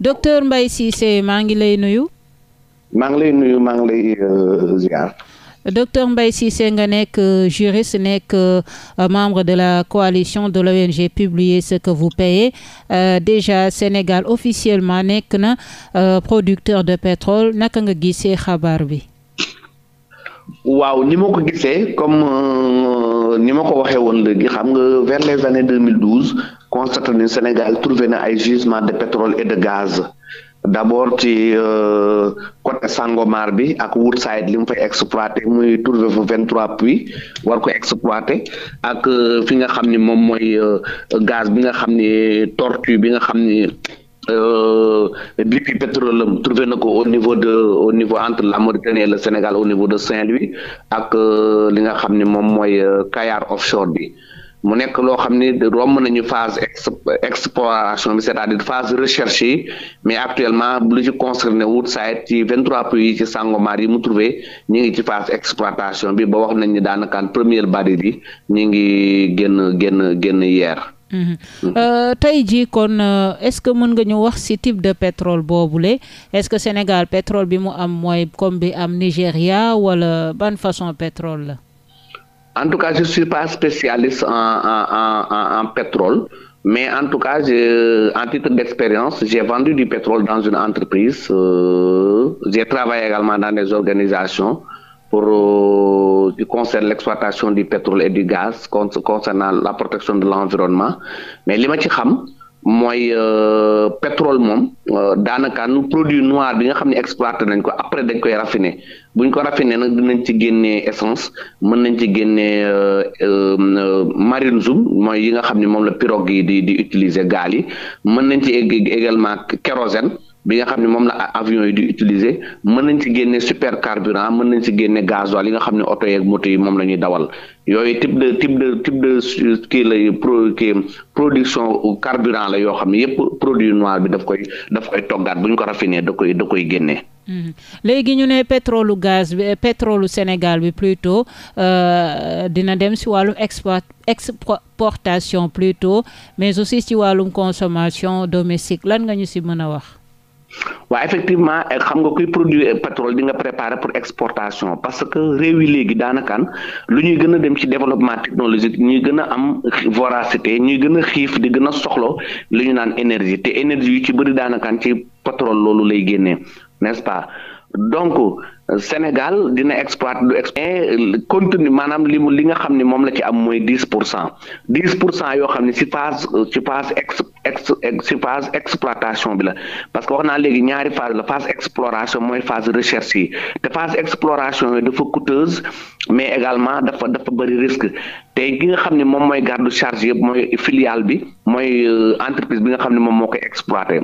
docteur mbay Cissé maa ngi lay nuyu. maa ngi maa ngi lay euh, docteur Mbaye Cissé nga nekk euh, juriste nekk euh, membre de la coalition de l'ONG Publiez ce que vous payez déjà Sénégal officiellement nekk na producteur de pétrole naka nga gisee xabaar bi. waaw ni ma ko gisee comme ni ma ko waxee woon léegi xam nga vers les années constaté ni Sénégal trouvé na ay gisement de pétrole et de gaz d'abord ci euh, côté Sangomar bi ak Woodside li mu fay exploité muy trouvé fa vingt trois puits war ko exploité ak euh, fi nga xam ni moom mooy euh, gaz bi nga xam ni tortue bi nga xam ni BP pétrole am trouvé na ko au niveau de au niveau entre la Mauritanie et le Sénégal au niveau de Saint-Louis ak li nga xam ni moom mooy Kayar offshore bi mu nekk loo xam ni romb nañu phase exploration bi c'est-à-dire phase recherche yi mais actuellement lu ci concerné Woodside ci vingt trois pays ci Sangomar yi mu trouvé ñu ngi ci phase exploitation bi ba wax nañ ni daanakaan première baril yi ñu ngi génn génn génn yeer mm-hmm. mm. euh, tey jii kon euh, est-ce que mën nga ñu wax ci type de pétrole boobu le est-ce que Sénégal pétrole bi mu am mooy comme bi am Nigéria wala ban façon pétrole la En tout cas, je suis pas spécialiste en, en, en, en, pétrole, mais en tout cas, je, en titre d'expérience, j'ai vendu du pétrole dans une entreprise. Euh, j'ai travaillé également dans des organisations pour euh, qui concerne l'exploitation du pétrole et du gaz, concernant la protection de l'environnement. Mais les mooy euh, pétrole moom euh, daanaka nu produit noir bi nga xam ne exploité nañ ko après dañ koy raffiné buñ ko raffiné nag dinañ ci génnee essence mën nañ ci génnee euh, marine zoom mooy yi nga xam ni moom la pirogue yi di di utiliser gaal yi mën nañ ci également kérosène bi nga xam ne moom la avion yi di utiliser mën nañ ci génne super carburant mën nañ ci génne gasoil yi nga xam ne oto yeeg moto yi moom la ñuy dawal yooyu type de type de type de kii lay production carburant la yoo xam ne yépp produit noir bi daf koy daf koy toggaat bu ñu ko raffiné da koy da koy génne. Mm-hmm. léegi ñu ne pétrole gaz bi pétrole Sénégal bi plutôt euh, dina dem ci wàllum export exportation plutôt mais aussi ci wàllum consommation domestique lan nga ñu ci a waa effectivement eh, xam nga kuy produire pétrole di nga préparer pour exportation parce que réew yi léegi daanakaan lu ñuy gën a dem ci développement technologique ñuy gën am voracité ñuy gën a xiif di gën a soxla lu ñu naan énergie te énergie yu ci bëri daanakaan ci pétrole loolu lay génnee nest pas donc Sénégal dina exploite du exploite continue maanaam li mu li nga xam ne moom la ci am mooy dix pour cent dix pour cent yoo xam ne ci phase ci phase ex ex si phase exploitation bi la parce que wax naa léegi ñaari phase la phase exploration mooy phase recherche yi te phase exploration yi dafa coûteuse mais également dafa dafa bëri risque te ki nga xam ne moom mooy garde charge yëpp mooy filiale bi mooy euh, entreprise bi nga xam ne moom moo koy exploité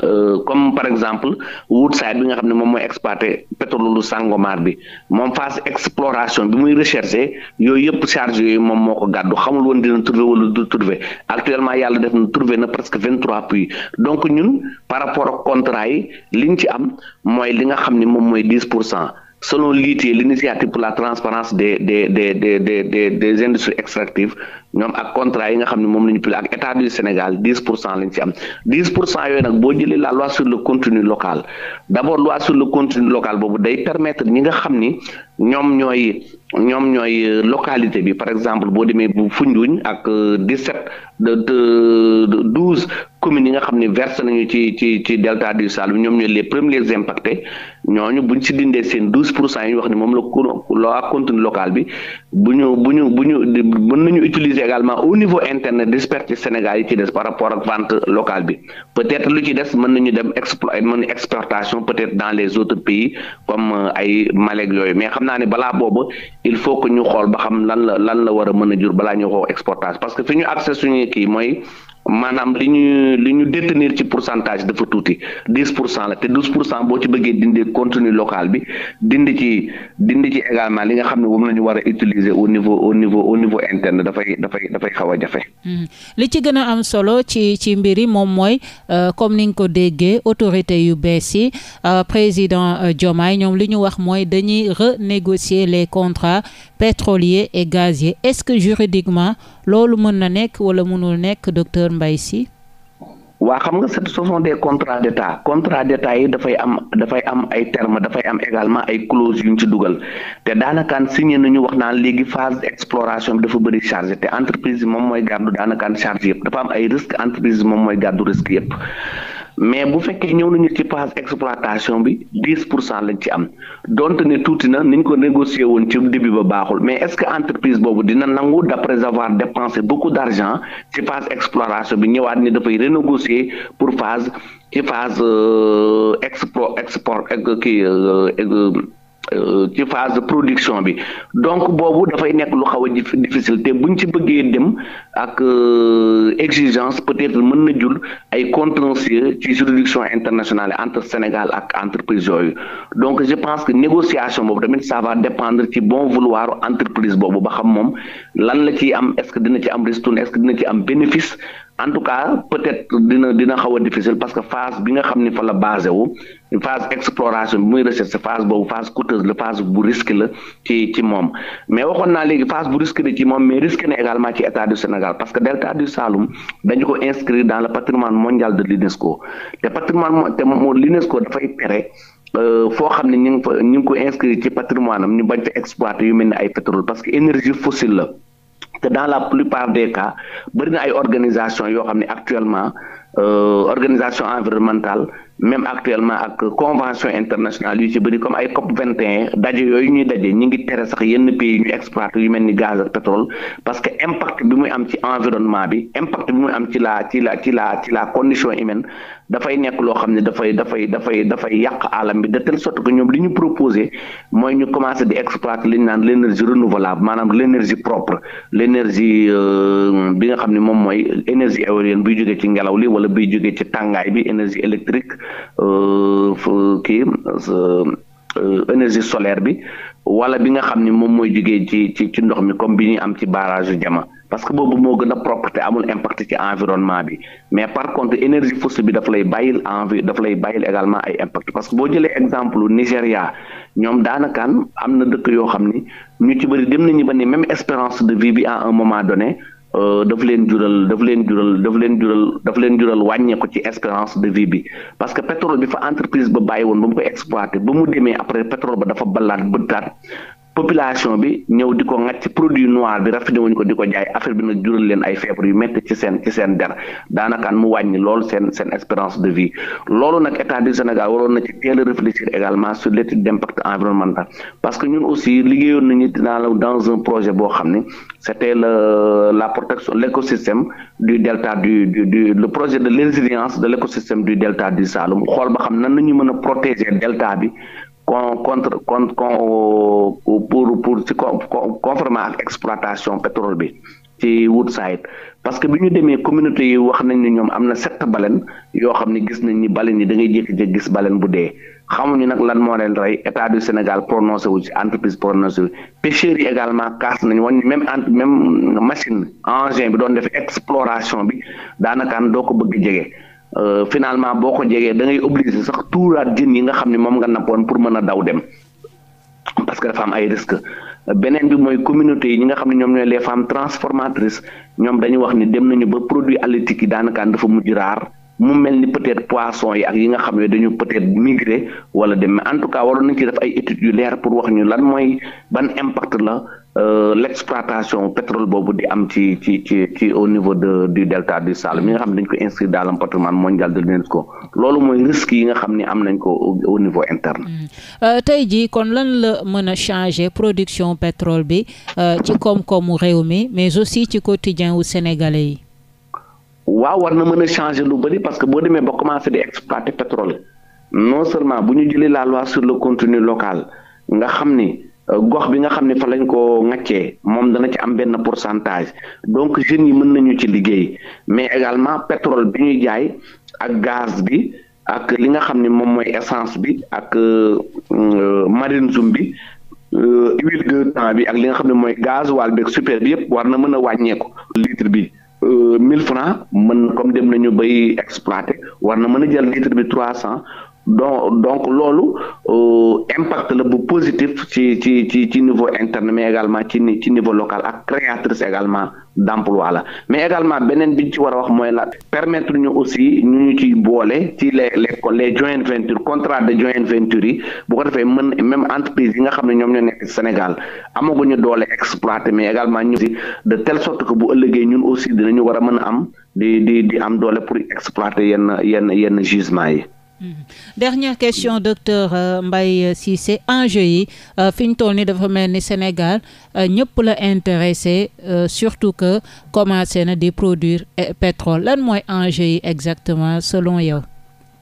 Euh, comme par exemple Woodside bi nga xam ne moom mooy exploité pétrole lu Sangomar bi moom phase exploration bi muy recherché yooyu yëpp charge yooyu moom moo ko gàddu xamul woon dina trouvé wala du trouvé actuellement yàlla def na trouvé na presque vingt trois puits donc ñun par rapport ak contrat yi liñ ci am mooy li nga xam ni moom mooy dix pour cent selon l'ITIE l'initiative pour la transparence des des des de des des, des industries extractives ñoom ak contrat yi nga xam ne moom la ñu pile ak état du Sénégal dix pour cent la ñu ci am dix pour cent yooyu nag boo jëlee la loi sur le contenu local d' abord loi sur le contenu local boobu day permettre ñi nga xam ni ñoom ñooy ñoom ñooy euh, localité bi par exemple boo demee bu Foundiougne ak euh, dix de de douze communes yi nga xam ne versé nañu ci ci delta du Saloum ñoom ñooy les premiers impactés ñooñu buñ si dindee seen douze pour cent yi ñu wax ne moom la la contenu bu ñu bu ñu bu ñu nañu utiliser également au niveau interne disperser Sénégal yi ci des par rapport ak vente locale bi peut-être lu ci des mën nañu dem explo mën exportation peut-être dans les autres pays comme euh, ay Malek yooyu mais xam naa ne balaa boobu il faut que ñu xool ba xam lan la lan la war a mën a jur balaa ñu xoo exportation parce que fi ñu accès suñu kii mooy maanaam li ñu li ñu détenir ci pourcentage dafa tuuti dix pour la te pour cent boo ci bëggee dindi contenu local bi dindi ci également li nga xam ne moom la ñu war a utiliser au niveau au niveau au niveau interne dafay dafay xaw a jafe. Hmm. li ci gën am solo ci ci mbir yi moom mooy euh, comme ni ko déggee autorité yu bees yi euh, président euh, Diomaye ñoom li ñu wax mooy dañuy renégocier les contrats pétroliers et yi est-ce que juridiquement loolu mën na nekk wala mënul nekk docteur. mbay si waa xam nga ce sont des contrats d'état contrat d'état yi dafay am dafay am ay termes dafay am également ay clauses yu ñu ci dugal te daanakaan signé nañu wax naan léegi phase d'exploration bi dafa bëri chargé te entreprise bi moom mooy gàddu daanakaan charge yëpp dafa am ay risques entreprise moom mooy gàddu risque yëpp mais bu fekkee ñëw nañu ci phase exploitation bi dix pour cent lañ ci am donte ne tuuti na niñ ko négocier woon ci début ba baaxul mais est-ce que entreprise boobu dina nangu d'après avoir dépensé beaucoup d'argent ci phase exploration bi ñëwaat ni dafay renégocier pour phase ci phase euh, export export euh, kii euh, Euh, ci phase de production bi donc boobu dafay nekk lu xaw a difficile te buñ ci bëggee dem ak euh, exigence peut-être mën na jul ay contentieux ci juridiction internationale entre Sénégal ak entreprise yooyu donc je pense que négociation boobu tamit saa va dépendre ci bon vouloir entreprise boobu ba xam moom lan la ciy am est-ce que dina ci am ristourne est-ce que dina ci am bénéfice en tout cas peut-être dina dina xaw a difficile parce que phase bi nga xam ni fa la basé wu phase exploration bi muy recherche phase boobu phase coûteuse la phase bu risque la ci moom mais waxoon naa léegi phase bu risque la moom mais risque na également ci état du Sénégal parce que delta du Saloum dañu ko inscrire dans le patrimoine mondial de l'UNESCO te patrimoine te moom l'UNESCO dafay tere euh, foo xam ne ñu ngi fa ngi ko inscrire ci patrimoine am ñu bañ fa exploiter yu mel ni ay pétrole parce que énergie fossile la te dans la plupart des cas bëri na ay organisation yoo xam ne actuellement euh, organisation environnementale même actuellement ak convention internationale yu ci bëri comme ay COP 21 daje yooyu ñuy daje ñi ngi tere sax yenn pays ñu exploité yu mel ni gaz ak pétrole parce que impact bi muy am ci environnement bi impact muy am ci la ci la ci la ci la condition humaine dafay nekk loo xam ne dafay dafay dafay dafay yàq alam bi de telle sorte que ñoom lu ñu proposé mooy ñu commencé di exploit li ñu naan l' énergie renouvelable maanaam l' énergie propre l' énergie euh, bi nga xam ne moom mooy énergie éolienne buy jógee ci ngelaw li wala buy jógee ci tàngaay bi énergie électrique Euh, kii euh, euh, énergie solaire bi wala bi nga xam ni moom mooy jugee ci ci ci ndox mi comme bi ñuy am ci barrage yu jama parce que boobu moo gën a propre te amul impact ci environnement bi mais par contre énergie fossile bi daf lay bàyyil envi daf lay bàyyil également ay impact parce que boo jëlee exemple Nigéria ñoom daanakaan am na dëkk yoo xam ni ñu ci bëri dem nañu ba nii même espérance de vie bi à un moment donné Euh, daf leen jural daf leen jural daf leen jural daf leen jural wàññeeku ci espérance de vie bi parce que pétrole bi fa entreprise ba bàyyi woon ba mu koy exploité ba mu demee après pétrole ba dafa ballaat bëttaat population bi ñëw di ko ŋàcc produit noir bi rafetlu wuñ ko di ko jaay affaire bi nag jural leen ay feebar yu métti ci seen ci seen der daanakaan mu wàññi lool seen seen espérance de vie loolu nag état du Sénégal waroon na ci teel a réfléchir également sur l'étude d'impact environnemental parce que ñun aussi liggéeyoon nañu dans dans un projet boo xam ne c'était le la protection l'écosystème du delta du du du le projet de résilience de l'écosystème du delta du Saloum xool ba xam nan la ñu mën a protéger delta bi contre contre pour pour ci conforme ak exploitation pétrole bi ci Woodside parce que bi ñu demee communauté yi wax nañ ne ñoom am na sept baleen yoo xam ne gis nañ ni baleine yi da ngay jékki-jékki gis baleine bu dee xamuñu nag lan moo leen rey état du Sénégal prononcé wu ci entreprise prononcé wu pêcheurs yi également kaas nañu wañ même ent même machine engin bi doon def exploration bi daanakaan doo ko bëgg jege. Euh, finalement boo ko jegee da ngay obligé sax tuuraat jën yi nga xam ne moom nga nappoon pour mën a daw dem parce que dafa am ay risque beneen bi mooy communauté yi ñi nga xam ne ñoom ñooy les femmes transformatrices ñoom dañu wax ni dem nañu ba produit halieutique yi daanakaan dafa mujj raar mu mel ni peut-être poisson yi ak yi nga xam ne dañu peut-être migrer wala dem mais en tout cas waroon nañ ci def ay études yu leer pour wax ñu lan mooy ban impact la Euh, l' exploitation pétrole boobu di am ci ci ci ci au niveau de du delta du Saloum mi nga xam ne dañ ko inscrit dans le patrimoine mondial de ko loolu mooy risque yi nga xam ne am nañ ko au niveau interne. Mm. Euh, tey jii kon lan la mën a changer production pétrole bi euh, ci koom-koomu réew mi mais aussi ci quotidien wu sénégalais yi. waaw war na mën a changer lu bari parce que boo demee ba commencé di exploiter pétrole non seulement bu ñu jëlee la loi sur le contenu local nga xam ni. gox bi nga xam ne fa lañ ko ŋàccee moom dana ci am benn pourcentage donc jeunes yi mën nañu ci liggéey mais également pétrole bi ñuy jaay ak gaz bi ak li nga xam ni moom mooy essence bi ak euh, euh, marine zoom bi euh, huile de temps bi ak li nga xam ne mooy gaz waal beeg super bi yëpp war na mën a wàññeeku litre bi mille francs mën comme dem nañu bay exploité war na mën a jël litre bi trois cent donc donc loolu euh, impact la bu positif ci ci ci ci niveau interne mais également ci ci niveau local ak créatrice également d'emploi la mais également beneen bi ñu ci war a wax mooy la permettre ñu aussi ñu ñu ci boole ci les les les joint venture contrat de joint venture yi bu ko defee mën même entreprise yi nga xam ne ñoom ñoo nekk Sénégal amaguñu doole exploiter mais également ñu si de telle sorte que bu ëllëgee ñun aussi dinañu war a mën a am di di di am doole pour exploiter yenn yenn yenn gisement yi. Mhm. dernière question docteur si euh, Cissé enjeu yi euh, fi ñu toll nii dafa mel ni Sénégal euh, ñëpp la intéressé surtout que commencé na di produire pétrole lan mooy enjeu yi exactement selon yow.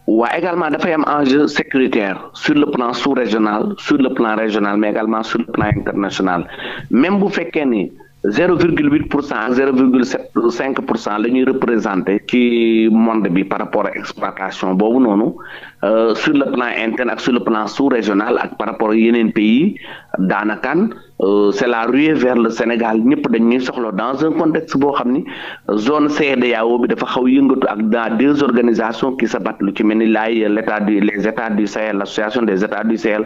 waa également dafa am enjeu sécuritaire sur le plan sous-régional sur le plan régional mais également sur le plan international même bu fekkee zéro virgule huit pour cent ak zéro virgule sept cinq pour cent la ñuy représenté ci monde bi par rapport à exploitation boobu noonu Euh, sur le plan interne ak sur le plan sous-régional ak par rapport yeneen pays daanakaan euh, c'est la ruée vers le Sénégal ñëpp ñuy soxla dans un contexte boo xam ni zone CEDEAO bi dafa xaw yëngatu ak dans deux organisations qui sabat lu ci mel ni laay l'état du les états du des états du Sahel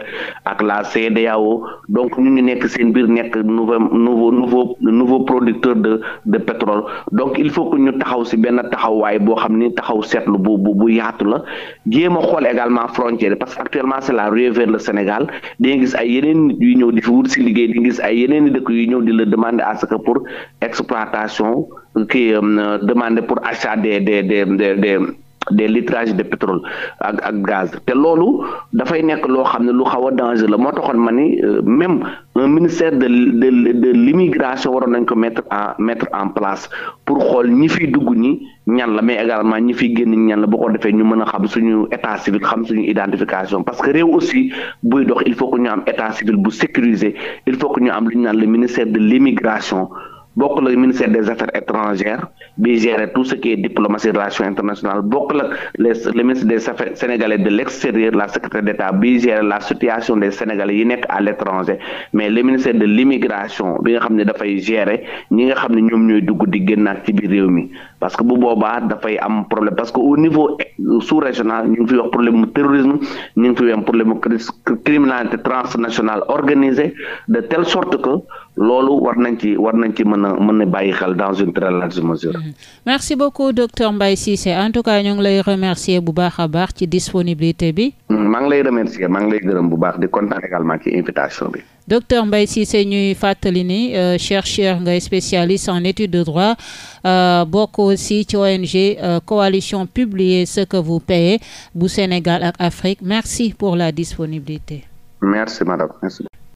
ak la CEDEAO donc ñu ngi nekk seen biir nekk nouveau nouveau nouveau nouveau producteur de de pétrole donc il faut que ñu taxaw si benn taxawaay boo xam ni taxaw seetlu bu bu yaatu la jéem a xool xool également frontière parce que actuellement c'est la ruée vers le Sénégal di nga gis yeneen nit yuy ñëw di fi wut si liggéey di nga ay yeneen dëkk yuy ñëw di la demander à ce que pour exploitation kii euh, demander pour achat des des des des des litrage de pétrole ak ak gaz te loolu dafay nekk loo xam ne lu xaw a danger la moo taxoon ma ni euh, même un ministère de de de l'immigration waroon nañ ko mettre en mettre en place pour xool ñi fiy dugg ñi ñan la mais également ñi fiy génn ñan la boo ko defee ñu mën a xam suñu état civil xam suñu identification parce que réew aussi buy dox il faut que ñu am état civil bu sécurisé il faut que ñu am lu ñu naan le ministère de limigration bokk la ministère des affaires étrangères bi gérer tout ce qui est diplomatie relations internationales bokk la les le ministre des affaires sénégalais de l'extérieur la secrétaire d'État bi gérer la situation des sénégalais yi nekk à l'étranger mais le ministère de l'immigration bi nga xam ne dafay gérer ñi nga xam ne ñoom ñooy dugg di génnaat ci biir réew mi parce que bu boobaa dafay am problème parce que au niveau sous régional ñu ngi fi wax problème terrorisme ñu ngi fi wax problème mu criminalité organisée de telle sorte que loolu war nañ ci war nañ ci mën a mën a bàyyi xel dans une très large mesure. Mm-hmm. merci beaucoup docteur Mbaye Cissé en tout cas ñu ngi lay remercier bu baax a baax ci disponibilité bi. Mm, maa ngi lay remercier maa ngi lay gërëm bu baax di kontaan également ci invitation bi. docteur Mbaye Cissé ñuy fàttali ni euh, chercheur ngay spécialiste en études de droit euh, bokk aussi ci ONG euh, coalition publier ce que vous payez bu Sénégal ak Afrique merci pour la disponibilité